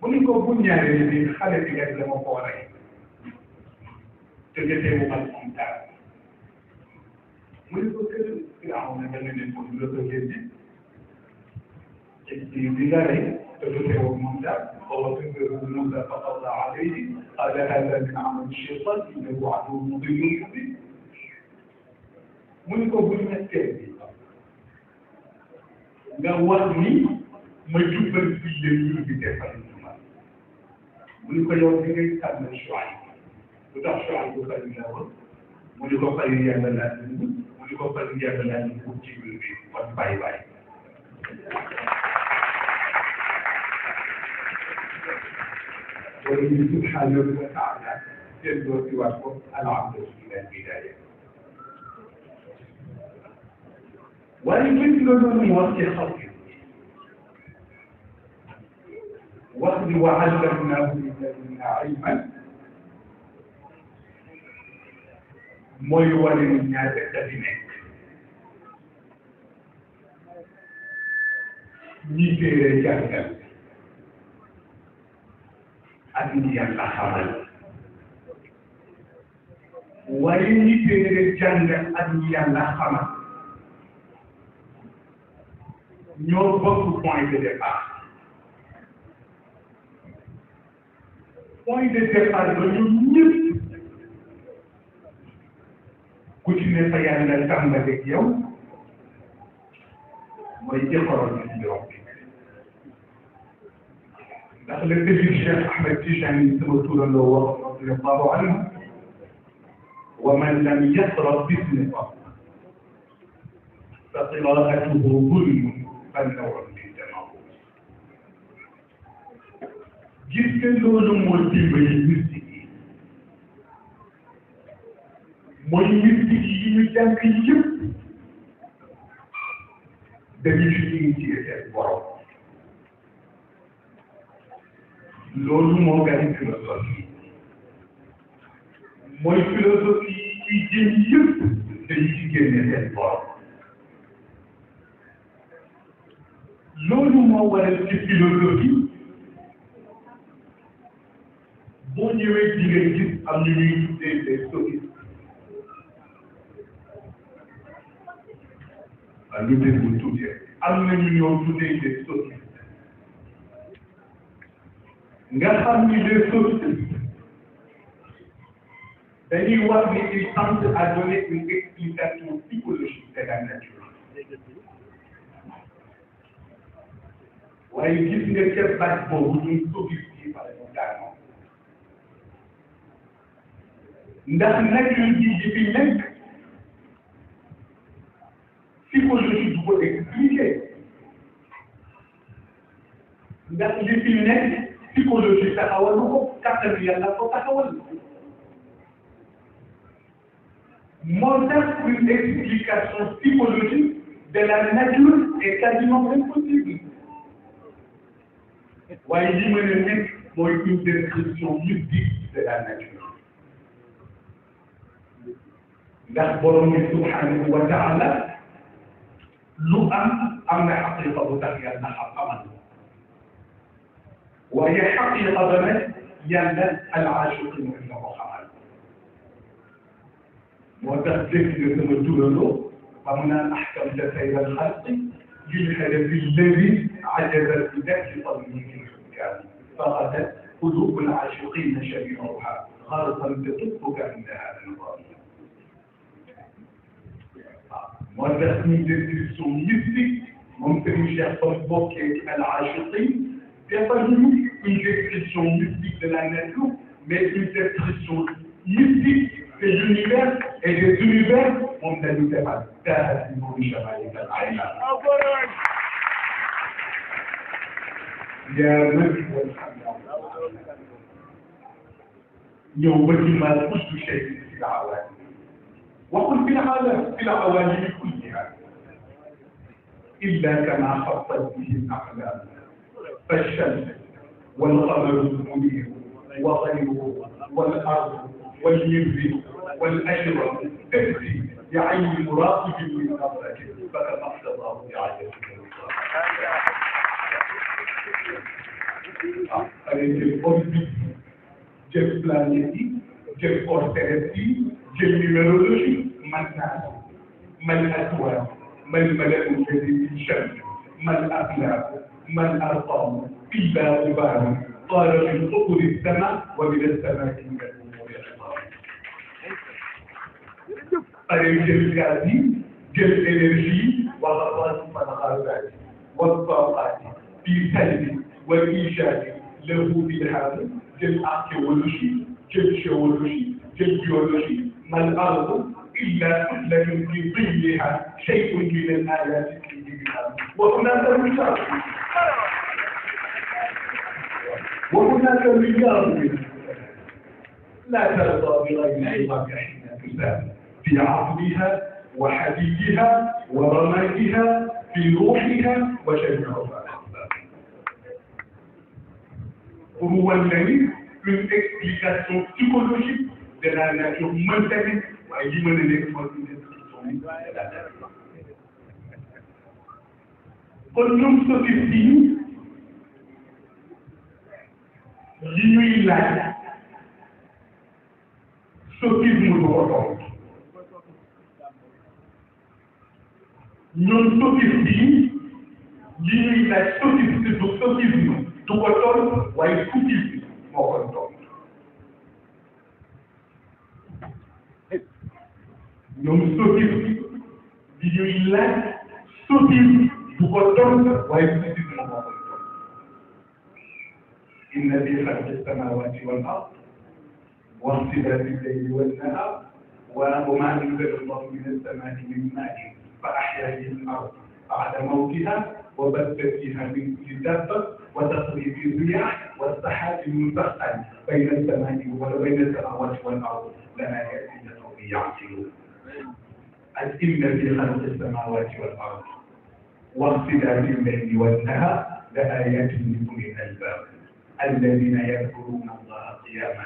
mu ni ko bu ñaaree ni xale bi rek dama ko rey te jotee mu ban am dara mu ne ko kër Firawna da nga leen moom la ko génne ci bi nga rey te jotee wu moom dara فوصل الذنوب فقضى عليه قال هذا من عمل الشيطان انه عدو مضل مبين من ko buñ nekkee bi nga wax ni ma jubal bi leen ñu di defal ñu ma mu ko yow di ngay tànn choix lu tax soxla bu xëy na woon mu ni ko xëy yàlla laaj mu ni ko xëy yàlla laaj mu ci biir bi kon bàyyi bàyyi. wala ñu subhanahu wa taala seen doo ci waat ko alhamdu lillahi bidaya waaye lépp nga doon ñu wax ci xaw bi wax ni wa allamnaahu min ladunna ilman mooy wane ni ñaata dafi nekk ñi téere jàngal ak ñi yàlla xamal waaye ñi téere jàngal ak ñi yàlla xamal ñoo bokk point de départ point de départ ba ku ci ne sa yàlla tàmbaleeg yow mooy jëkkoroon bi ci doom bi ndax le sëriñ Cheikh Ahmed Tijani sama turandoo wax radiyallahu anhu wa man lam yasra bisnihi fa qiraatuhu zulmun annawm bi tamam gis nga loolu moo dimbali mooy mystique yi ñu jàng yëpp dañuy signifié seen borom loolu moo gën philosophie mooy philosophie yi jëm yëpp dañuy ci génne seen borom loolu moo waral ci philosophie boo ñëwee di nga gis am ñu ñuy tuddee des lu dee bu tuuti am na ñu ñëw tuddee des sotti nga xam ni des sotti dañuy wax ni il tente à donner une explication psychologique de la nature waaye gis nga ca baat boobu ñun sofistiqué par exemple ndax nature bi di fi nekk il faut que ñu dugg expliquer ndax li fi nekk psychologie taxawalu ko kàttan yàlla ko taxawal moo tax une explication psychologique de la nature est quasiment impossible waaye li mën a nekk mooy une description de la nature ndax borom bi subhanahu wa taala lu am am na xaqiqa bu tax yàlla na xam amal waaye xaqiqa ba nag yàlla al aashiqin rek la ko xamal moo tax dégg nga sama turandoo ba mu naan ahkamta sayra al xalqi للهدف الذي عجبت بذات قلبه الكامل فقدت قلوب العاشقين شريعها غرقا تطبك عند هذا الغرب moo tax ñu description mystique moom Serigne Cheikh ba bokkee al Achiqi defar ñu une description mystique de la nature mais une description mystique des univers et des univers moom la ñu defar daal di moom Jabal al Ayla. yaa ngi ñëw ba ci maal kutu Cheikh bi si وقل في العالم في العوالم كلها إلا كما خطت به الأقلام فالشمس والقمر المنير وغيره والأرض واليم والأشرف تجري بعين مراقب من نظرته فكما اقتضاه بعين Avec les orbites, j'ai planétique, j'ai hors terrestre, jël numérologie man naa man aswaar man malakul jadid shams man aflaak man arqam fii baa ubaana qaala min uquri sama wa min assamaa pare jël gaz yi jël énergie waxal sadaqaat wa tawqaat fii salbi wal ijaab lahu bilhaam jël archéologie jël géologie jël biologie ما الأرض إلا كتلة في ظلها شيء من الآيات كبيرها وهناك رجال وهناك رجال لا ترضى بغير عظام حين تسال في عظمها وحديدها ورمادها في روحها وجميع الأحباب هو الذي une explication psychologique danaa naa yow mënta nekk waaye li mën a nekk force de kon ñoom société yi li ñuy laaj soppisme du ko toog ñoom soppisme yi li ñuy laaj soppisme du soppisme du ko toog waaye soppisme moo ñoom sotif di ñuy laaj sotif du ko tont waaye sotif moo ko koy tont inna fi xalqi samawati wal ard wa ixtilaafi llayli wan nahar wa ma anzala allahu min alsamai min main fa axya bihi al ard bada mawtiha wa batta fiha min kulli dabba wa tasrifi riyax wa saxaabi almusaxxari bayna alsamai wa bayna alsamawati wal ard la ayatin li qawmin yacqiluun الإمة بخلق السماوات والأرض واختلاف الليل والنهار لآيات لأولي الألباب الذين يذكرون الله قياما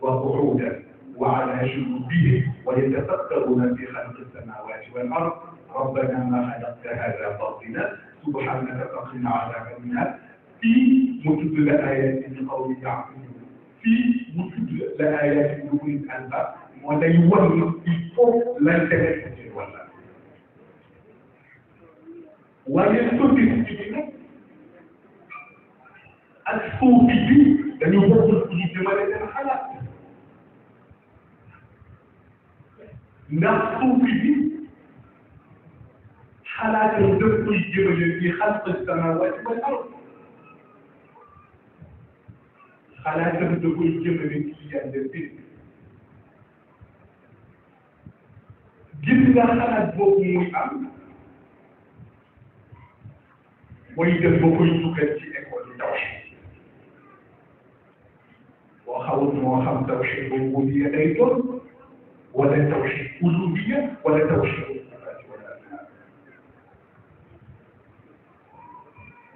وقعودا وعلى جنوبهم ويتفكرون في خلق السماوات والأرض ربنا ما خلقت هذا باطلا سبحانك فقنا عذاب النار في متد لآيات لقوم يعقلون في متد لآيات لأولي الألباب moo lay wan il faut l'intérêt bi wala waaye soufisme bi nag ak suufi bi dañu bokkul ci jëmale seen xalaat ndax suufi bi xalaatam daf koy jëmale ci xalq samawaati wal ard xalaatam da koy jëmale ci yàlla gis nga xalaat boobu muy am mooy def ba koy dugal ci école yi tawxid moo xawul moo xam tawxid boobu wóobiya day doon wala tawxid ulubiya wala tawxid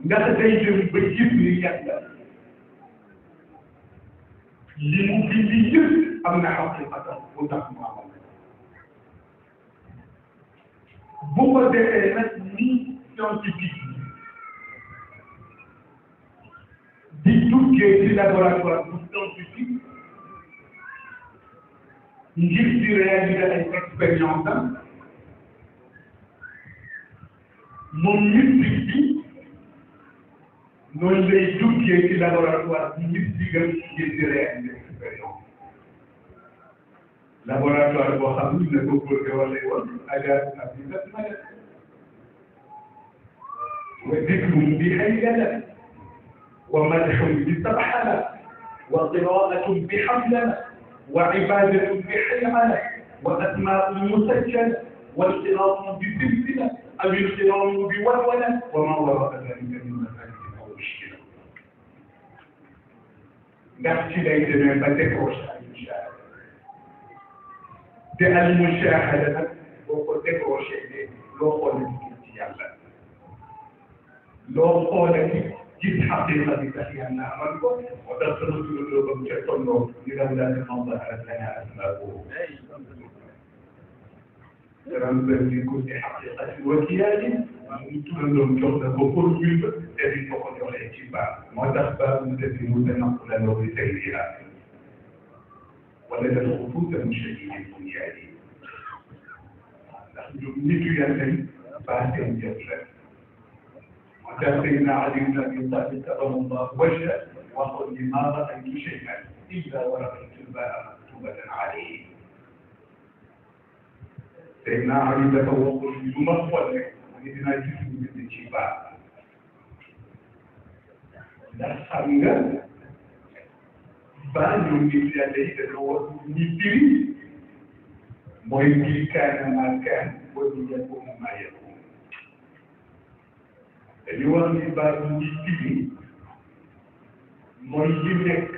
ndax day dem ba yëpp ni yàlla li mu bind yëpp am na xaqiqatam bu tax mu am bu ko defee nag nii scientifique bi di tukkee ci laboratoire bu scientifique ngir di réaliser ay expérience am moom mystique bi noonu lay tukkee ci laboratoire bu mystique am ngir di réaliser laboratoire boo xam ne ko góor gi wala wala ajaar ak yu bëri ma def wa dikrum bi haylana wa madhum bi sabhana wa qiraatum bi hamlana wa ibadatum bi haymana wa asmaa'un musajjala wa inqiraatum bi zilzila aw inqiraatum bi walwala wa ma wara'a dhalika min masaakin aw mushkila ndax ci lay demee ba décroché te al mushahada nag boo ko décroché ne loo xoolati gis ci yàlla loo xoolati gis xaqiqa bi tax yàlla amal ko moo tax sama turóo ba mu ca tolloo ni la wala ne xam ba xarat lana asmaabu ram ba ni ko ci xaqiqati wa kiyaali mu turandoom jox na ko formule te di ko ko joxee ci baax moo tax baax mu tëdd mu dana ko la loo di tey wala dafa tuutal monsieur Guèye bu yaay yi ndax ñoom nit yu yàlla yi baax seen jëf la moo tax Seydina Ali ibn Abi Talib karramallahu wajhah waxoon ni maa raaytu shay'an illa wa ra'aytu al-baa'a maktubatan alayhi Seydina Ali dafa waxoon ni lu ma xool rek mu ne dinaa gis ñu bind ci baax ndax xam nga bañu nit yàlla yi dañoo war ñu firi mooy bii kaana maa kaan wa ñu yakunu maa yakun dañu wax ni baatu ñi firi mooy li nekk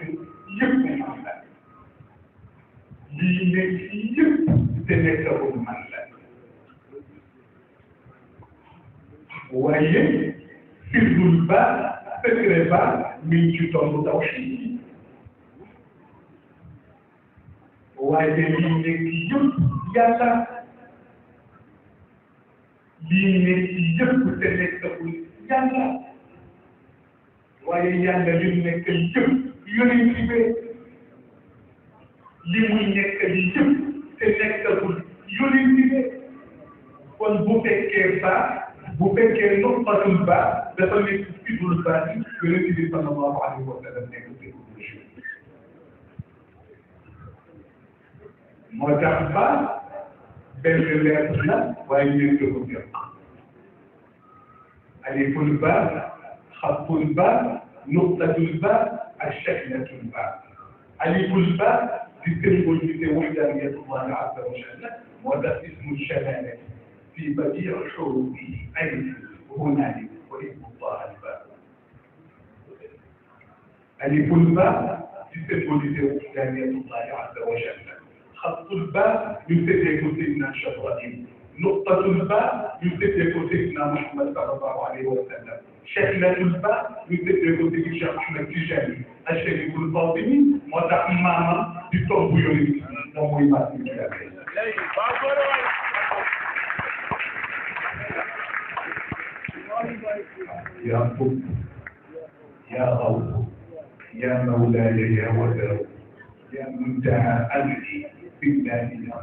yëpp man la lii nekk yëpp te nekkagul man la waaye firndul ba secret ba mi ngi ci tomb waaye lii nekk yëpp yàlla lii nekk yëpp te nekkul yàlla waaye yàlla li mu nekk yëpp yonent bi li muy nekk yëpp te nekkul yonent bi kon bu fekkee ba bu fekkee noppatul ba dafa nekk fidul ba yonent bi sallallahu alayhi wa sallam nekk moo tax ba benn lettre la waaye ñeent ko jëm aliful ba xatul ba nuqtatul ba ak shaknatul ba aliful ba di symbolisé wildaayatullahi azza wa jalla moo tax ismu shalaala fi badii xurufi ay hunaalik wa ismu llahi al ba aliful ba di symbolisé wildaayatullahi azza wa jalla الطلبة يمسك يكون سيدنا إبراهيم نقطة الباء يثبت سيدنا محمد صلى الله عليه وسلم شكلة الباء يثبت سيدنا أحمد تجاني الشريف الفاطمي وتحماما بالتربيون ومهمات يا رب يا رب يا مولاي يا وداع يا منتهى أمري بلادنا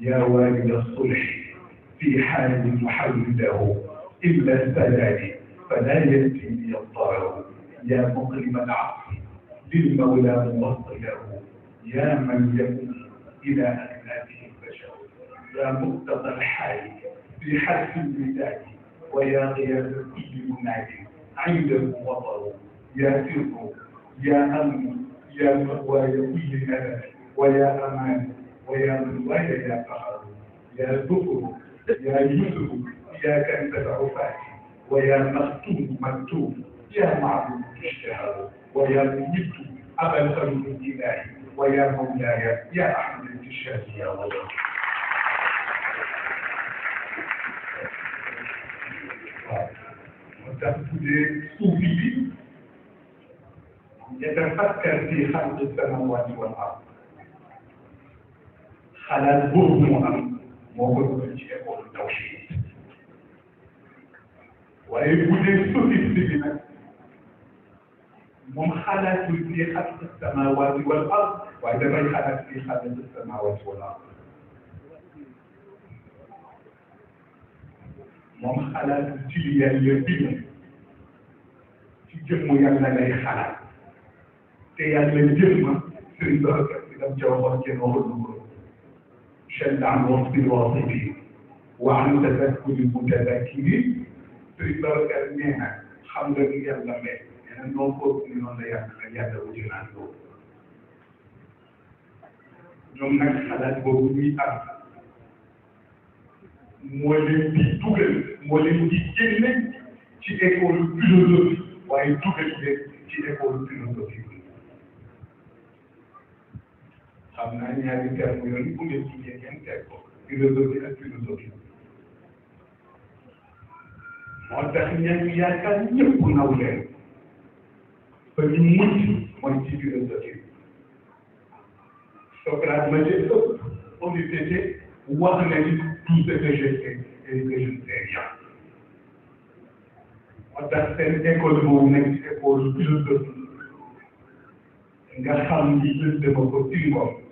يا والد الصلح في حال محول له إلا السلام فلا يلتني الطاعون يا مقيم العقل للمولى موصله يا من يكون إلى أكنافه البشر يا مقتضى الحال في حرف المداد ويا قياس كل مناد عنده وطر يا سر يا أمن يا مأوى كل ألم ويا أمان ويا من ويا يا فخر يا ذكر يا يسر إياك أن تدعو فاتي ويا مختوم مكتوم يا معبود تشتهر ويا مجد أبا الخلود الإلهي ويا مولاي يا أحمد الشافي يا الله وتنفذ صوفي يتفكر في خلق السماوات والأرض xalaat boobu moo am moo koy dugal ci école tawhid waaye bu dee société bi nag moom xalaatul fi xalqi samawaati wal ard waaye dafay xalaat fi xalqi samawaati wal ard moom xalaatul ci li yàlla bind ci jëmm yàlla lay xalaat te yàlla jëmm sëriñ Babacar si dam ca waxoon kenn waxoon na ko شد عن وصف الواصفين وعن تذكر المتذكرين suy barkeel nee na xam nga ni yàlla may nee na noo ko ni noonu la yàlla la yàlla wu ñu naan boobu ñoom nag xalaat boobu ñuy am moo leen di dugal moo leen di génne ci école philosophie waaye dugal leen ci école philosophie xam naa ñaari termes yooyu bu ngeen tuddee ngeen teg ko philosophie ak philosophie moo tax ñaari yaakaar ñëpp naw leen ba ñu mucc mooy ci philosophie Socrate ma jël ëpp honnêteté wax na ni tout ce que je sais et que je ne sais rien moo tax seen école moom nekk école philosophie nga xam ni lëndëma ko tiimoom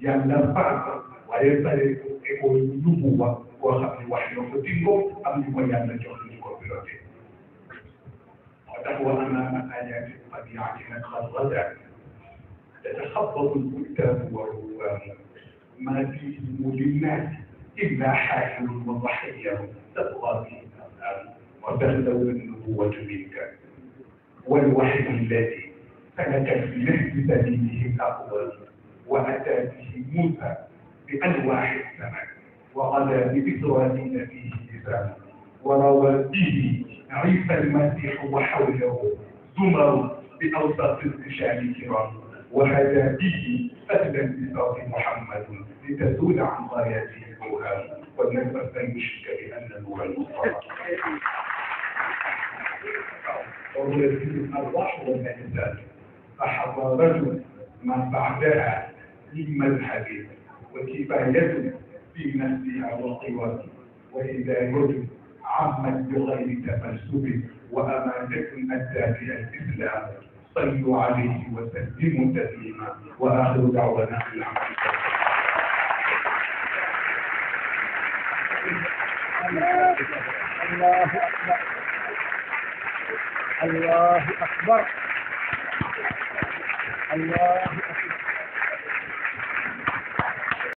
yàlla baal ko waaye pare école nubuwa koo xam ne wax na ko dingo am ñu ko yàlla jox ñu ko piloté moo tax wa ana an ayaati tabiatina qad gada yatakhabatu lkutabu wa ruwamu ma fihimu linnas illa xaafilun wa daxiyaru tatwa bihi al-anam wa taxlawu annubuwatu minka والوحي الذي سلكت في نهج سبيله الأقوال وأتى به موسى بأنواع السماء وغدا بإسرة فيه لسان وروى به عيسى المسيح وحوله زمر بأوساط الرجال الكرام وهدى به سهلا بصوت محمد لتزول عن غايته الأوهام والنفس المشرك بأن نور المصطفى الرحمة الإنسان فحضارته من بعدها لمذهبه وكفايته في نفسها وقوته وهدايته عمت بغير تمسك وأمانة أدى بها الإسلام صلوا عليه وسلموا تسليما وآخر دعوانا الحمد لله الله أكبر الله أكبر الله